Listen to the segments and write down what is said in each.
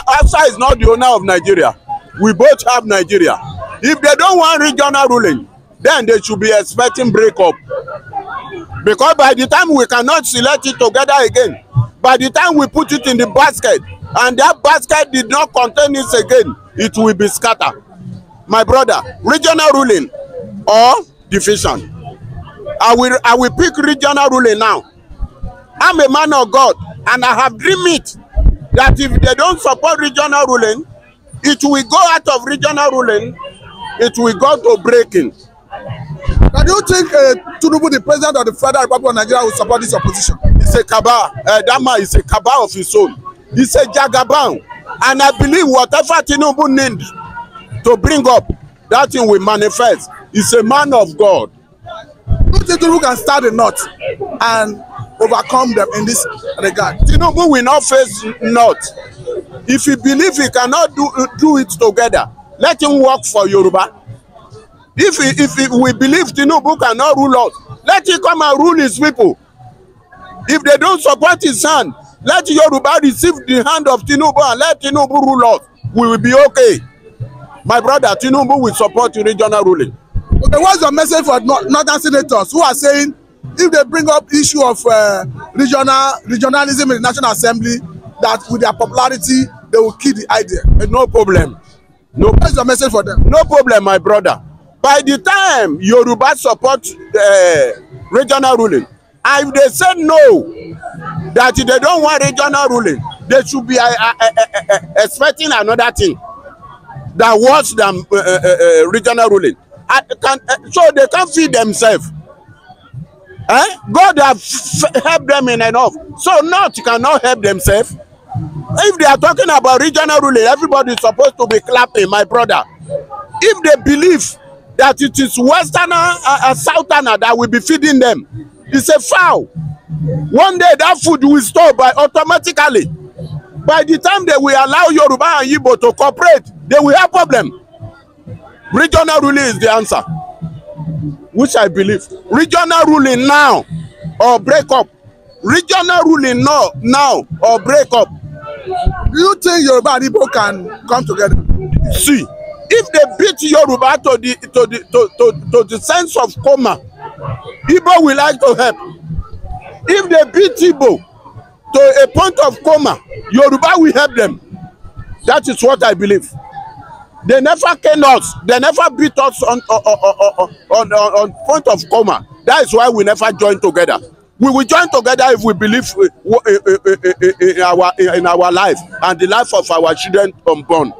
Afsa is not the owner of Nigeria. We both have Nigeria. If they don't want regional ruling, then they should be expecting breakup. Because by the time we cannot select it together again, by the time we put it in the basket, and that basket did not contain it again, it will be scattered. My brother, regional ruling or division. I will, I will pick regional ruling now. I'm a man of God, and I have dream it that if they don't support regional ruling, it will go out of regional ruling, it will go to breaking. Now, do you think uh, Tunubu, the president of the Federal Republic of Nigeria, will support this opposition? He's a cabal. Uh, that man is a cabal of his own. He's a jagaban. And I believe whatever Tinubu needs to bring up, that thing will manifest. He's a man of God. Do you think Tinubu can start a knot and overcome them in this regard. Tinubu will not face not. If he believe he cannot do, do it together, let him work for Yoruba. If, he, if he, we believe Tinubu cannot rule out, let him come and rule his people. If they don't support his hand, let Yoruba receive the hand of Tinubu and let Tinubu rule out. We will be okay. My brother, Tinubu will support regional ruling. Okay, what's your message for northern senators who are saying if they bring up issue of uh, regional regionalism in the National Assembly, that with their popularity they will kill the idea. And no problem. No, that's the message for them. No problem, my brother. By the time Yoruba support the regional ruling, if they said no, that they don't want regional ruling, they should be uh, uh, uh, uh, expecting another thing that worse than uh, uh, uh, regional ruling. I can, uh, so they can feed themselves. Eh? God have helped them in enough. So North cannot help themselves. If they are talking about regional ruling, everybody is supposed to be clapping, my brother. If they believe that it is Westerner and uh, uh, Southerner that will be feeding them, it's a foul. One day that food will stop by automatically. By the time they will allow Yoruba and Igbo to cooperate, they will have problem. Regional ruling is the answer which I believe. Regional ruling now or break up. Regional ruling now, now or break up. You think Yoruba and Igbo can come together? See, if they beat Yoruba to the to the to, to, to the sense of coma, Igbo will like to help. If they beat Igbo to a point of coma, Yoruba will help them. That is what I believe. They never came us. They never beat us on, on, on, on, on, point of coma. That is why we never join together. We will join together if we believe uh, uh, uh, in our, in our life and the life of our children unborn.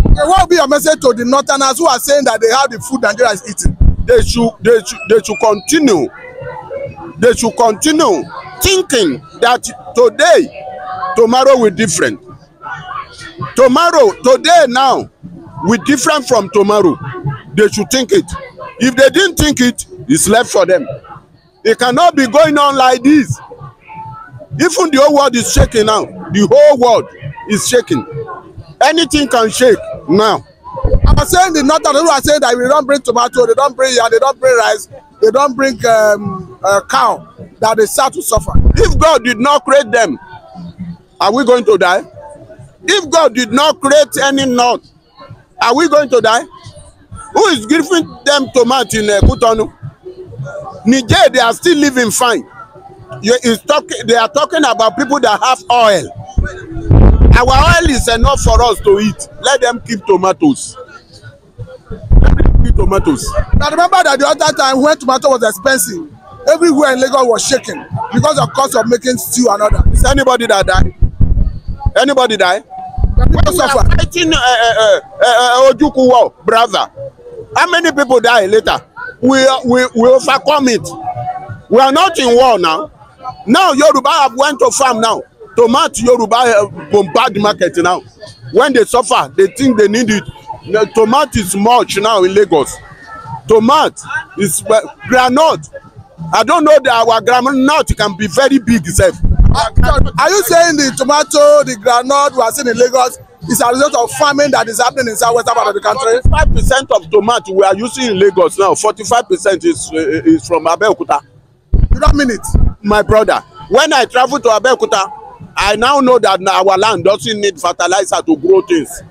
Okay, what will be your message to the northerners who are saying that they have the food Nigeria is eating? They should, they should, they should continue. They should continue thinking that today, tomorrow will different. Tomorrow, today now, we different from tomorrow they should think it if they didn't think it it's left for them it cannot be going on like this even the whole world is shaking now the whole world is shaking anything can shake now i'm saying the northern people are saying that we don't bring tomato they don't bring yam they don't bring rice they don't bring um, uh, cow that they start to suffer if god did not create them are we going to die if god did not create any north Are we going to die? Who is giving them tomato in uh, Niger, they are still living fine. You, is talk, they are talking about people that have oil. Our oil is enough for us to eat. Let them keep tomatoes. Let them keep tomatoes. Now remember that the other time when tomato was expensive, everywhere in Lagos was shaking because of cost of making stew and other. Is anybody that die? Anybody die? What's suffer? Fighting uh uh, uh, uh, uh, Ojuku war, brother. How many people die later? We, we, we overcome it. We are not in war now. Now Yoruba have went to farm now. To match Yoruba uh, bombard market now. When they suffer, they think they need it. The tomato is much now in Lagos. Tomato is uh, granite. I don't know that our granite can be very big itself. Are you saying the tomato, the granite we are seeing in Lagos is a result of farming that is happening in southwestern part of the country? Forty-five percent of tomato we are using in Lagos now, forty-five percent is uh, is from Abeokuta. You don't mean it? My brother, when I travel to Abeokuta, I now know that our land doesn't need fertilizer to grow things.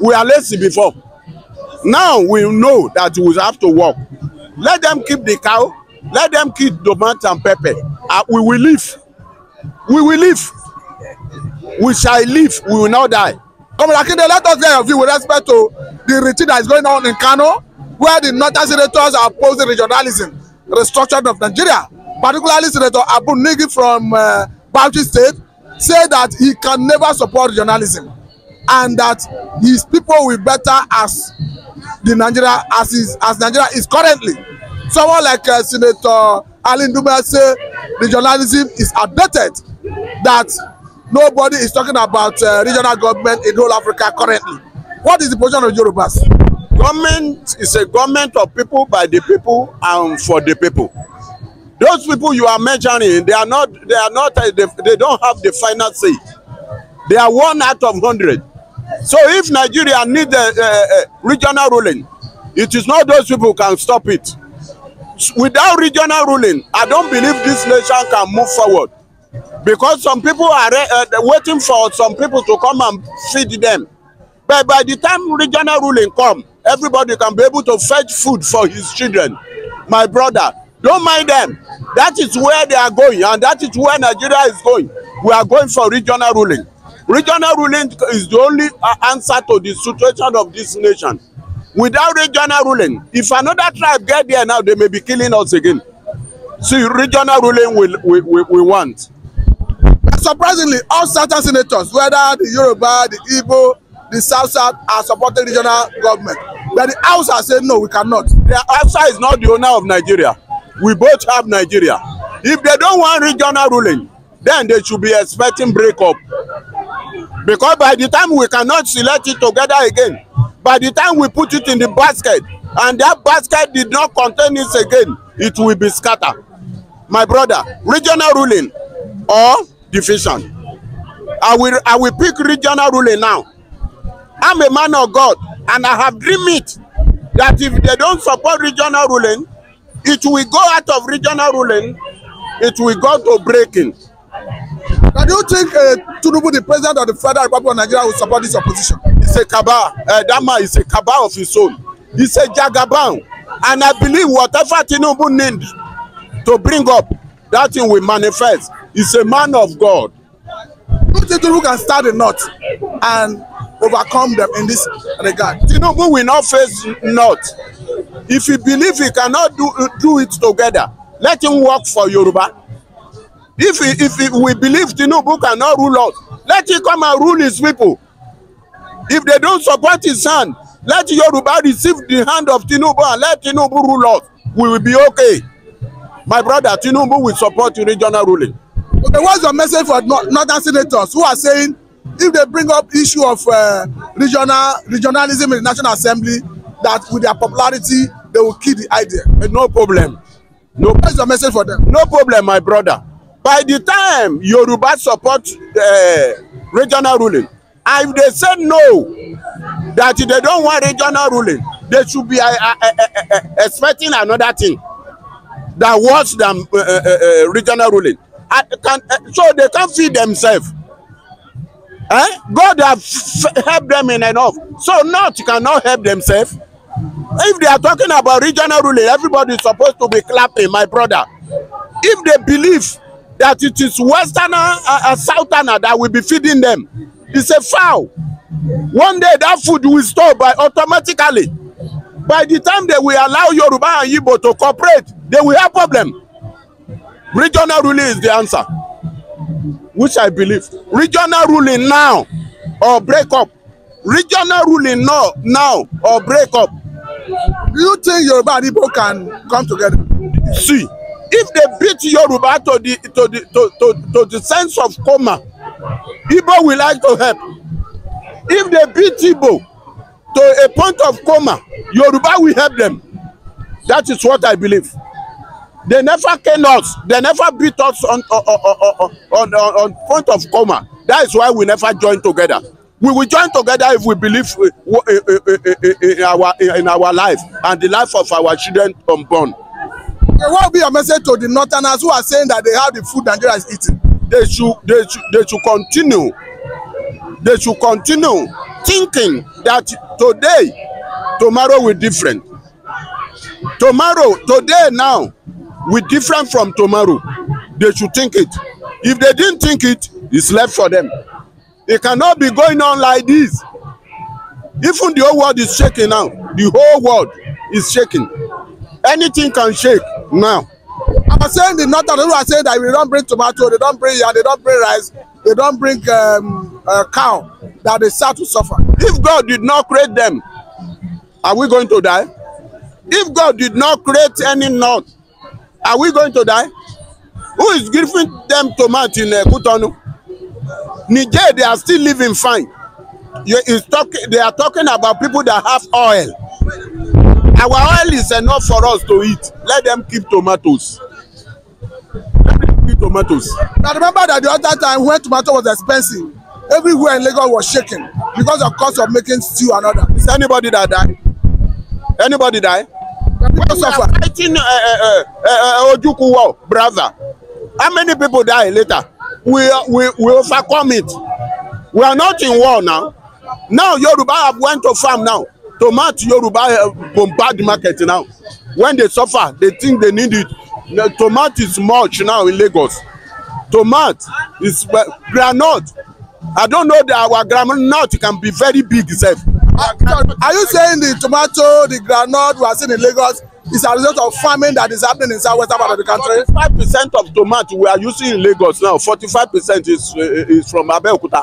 We are lazy before. Now we know that we have to work. Let them keep the cow, let them keep tomato and pepper. Uh, we will live we will live we shall live we will not die comrade akinde let us get your view with respect to the routine that is going on in kano where the northern senators are opposing regionalism restructuring of nigeria particularly senator abu nigi from uh, bauchi state say that he can never support regionalism and that his people will better as the nigeria as is as nigeria is currently someone like uh, Senator Ali Ndume say regionalism is outdated, that nobody is talking about uh, regional government in whole Africa currently. What is the position of Yorubas? Government is a government of people by the people and for the people. Those people you are mentioning, they are not, they are not, uh, they, they don't have the final say. They are one out of hundred. So if Nigeria needs a, a, a regional ruling, it is not those people who can stop it without regional ruling, I don't believe this nation can move forward. Because some people are uh, waiting for some people to come and feed them. But by the time regional ruling come, everybody can be able to fetch food for his children. My brother, don't mind them. That is where they are going, and that is where Nigeria is going. We are going for regional ruling. Regional ruling is the only uh, answer to the situation of this nation without regional ruling. If another tribe get there now, they may be killing us again. So, regional ruling we, we, we, we want. Surprisingly, all southern senators, whether the Yoruba, the Igbo, the South South, are supporting regional government. But the House has said no, we cannot. The House is not the owner of Nigeria. We both have Nigeria. If they don't want regional ruling, then they should be expecting breakup. Because by the time we cannot select it together again, by the time we put it in the basket and that basket did not contain this again it will be scattered my brother regional ruling or division i will i will pick regional ruling now i'm a man of god and i have dream it that if they don't support regional ruling it will go out of regional ruling it will go to breaking. Now, do you think uh, Tinubu, the president of the Federal Republic of Nigeria, will support this opposition? is a "Kaba, Uh, Dama is a kaba of his own. He's a jagaban. And I believe whatever Tinubu needs to bring up, that thing will manifest. He's a man of God. Tinubu can start the knot and overcome them in this regard. Tinubu will not face knot. If he believe he cannot do, do it together, let him work for Yoruba. If, he, if he, we believe Tinubu cannot rule us, let him come and rule his people. If they don't support his hand, let Yoruba receive the hand of Tinubu and let Tinubu rule us. We will be okay. My brother, Tinubu will support regional ruling. Okay, what's your message for northern senators who are saying if they bring up issue of uh, regional regionalism in the National Assembly, that with their popularity, they will kill the idea? No problem. No, what's your message for them? No problem, my brother. By the time Yoruba support uh, regional ruling, if they say no that they don't want regional ruling they should be uh, uh, uh, expecting another thing that worse than regional ruling can, so they can feed themselves eh? god have helped them in enough so north cannot help themselves if they are talking about regional ruling everybody is supposed to be clapping my brother if they believe that it is westerner and uh, southerner that will be feeding them It's a foul. One day that food will stop by automatically. By the time they will allow Yoruba and Igbo to cooperate, they will have problem. Regional ruling is the answer, which I believe. Regional ruling now or break up. Regional ruling now, now or break up. you think Yoruba and Igbo can come together? See, if they beat Yoruba to the to the to, to, to the sense of coma, Ibo will like to help. If they beat Ibo to a point of coma, Yoruba will help them. That is what I believe. They never came us. They never beat us on, on, on, on, on, on point of coma. That is why we never join together. We will join together if we believe uh, uh, uh, in our, in our life and the life of our children unborn. What will be your message to the northerners who are saying that they have the food Nigeria is eating? they should they should they should continue they should continue thinking that today tomorrow will different tomorrow today now will different from tomorrow they should think it if they didn't think it it's left for them it cannot be going on like this even the whole world is shaking now the whole world is shaking anything can shake now I'm saying the northern people are saying that they don't bring tomato, they don't bring yam, they don't bring rice, they don't bring um, uh, cow, that they start to suffer. If God did not create them, are we going to die? If God did not create any north, are we going to die? Who is giving them tomato in uh, Kutonu? Niger, they are still living fine. You, talk, they are talking about people that have oil. Our oil is enough for us to eat. Let them keep tomatoes let tomatoes. Now remember that the other time when tomato was expensive, everywhere in Lagos was shaking because of cost of making stew and other. Is anybody that die? Anybody die? Where suffer? Fighting uh, uh, uh, uh, uh brother. How many people die later? We we we overcome it. We are not in war now. Now Yoruba have went to farm now. Tomato Yoruba uh, bombard market now. When they suffer, they think they need it no, tomato is much now in Lagos tomato is uh, I don't know that our groundnut can be very big itself. Are, you saying the tomato the groundnut we are seeing in Lagos is a result of farming that is happening in southwest part of the country. forty-five percent of tomato we are using in Lagos now forty-five percent is uh, is from Abeokuta.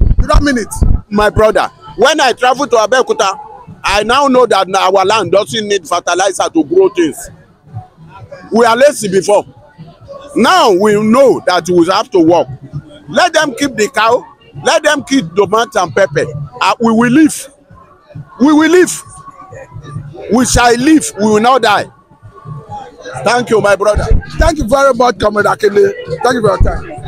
you don't mean it. my brother when I travel to Abeokuta I now know that our land doesn't need fertilizer to grow things we are lazy before now we know that we have to work let them keep the cow let them keep tomato and pepper uh, we will live we will live we shall live we will not die thank you my brother. thank you very much comrade akele thank you for your time.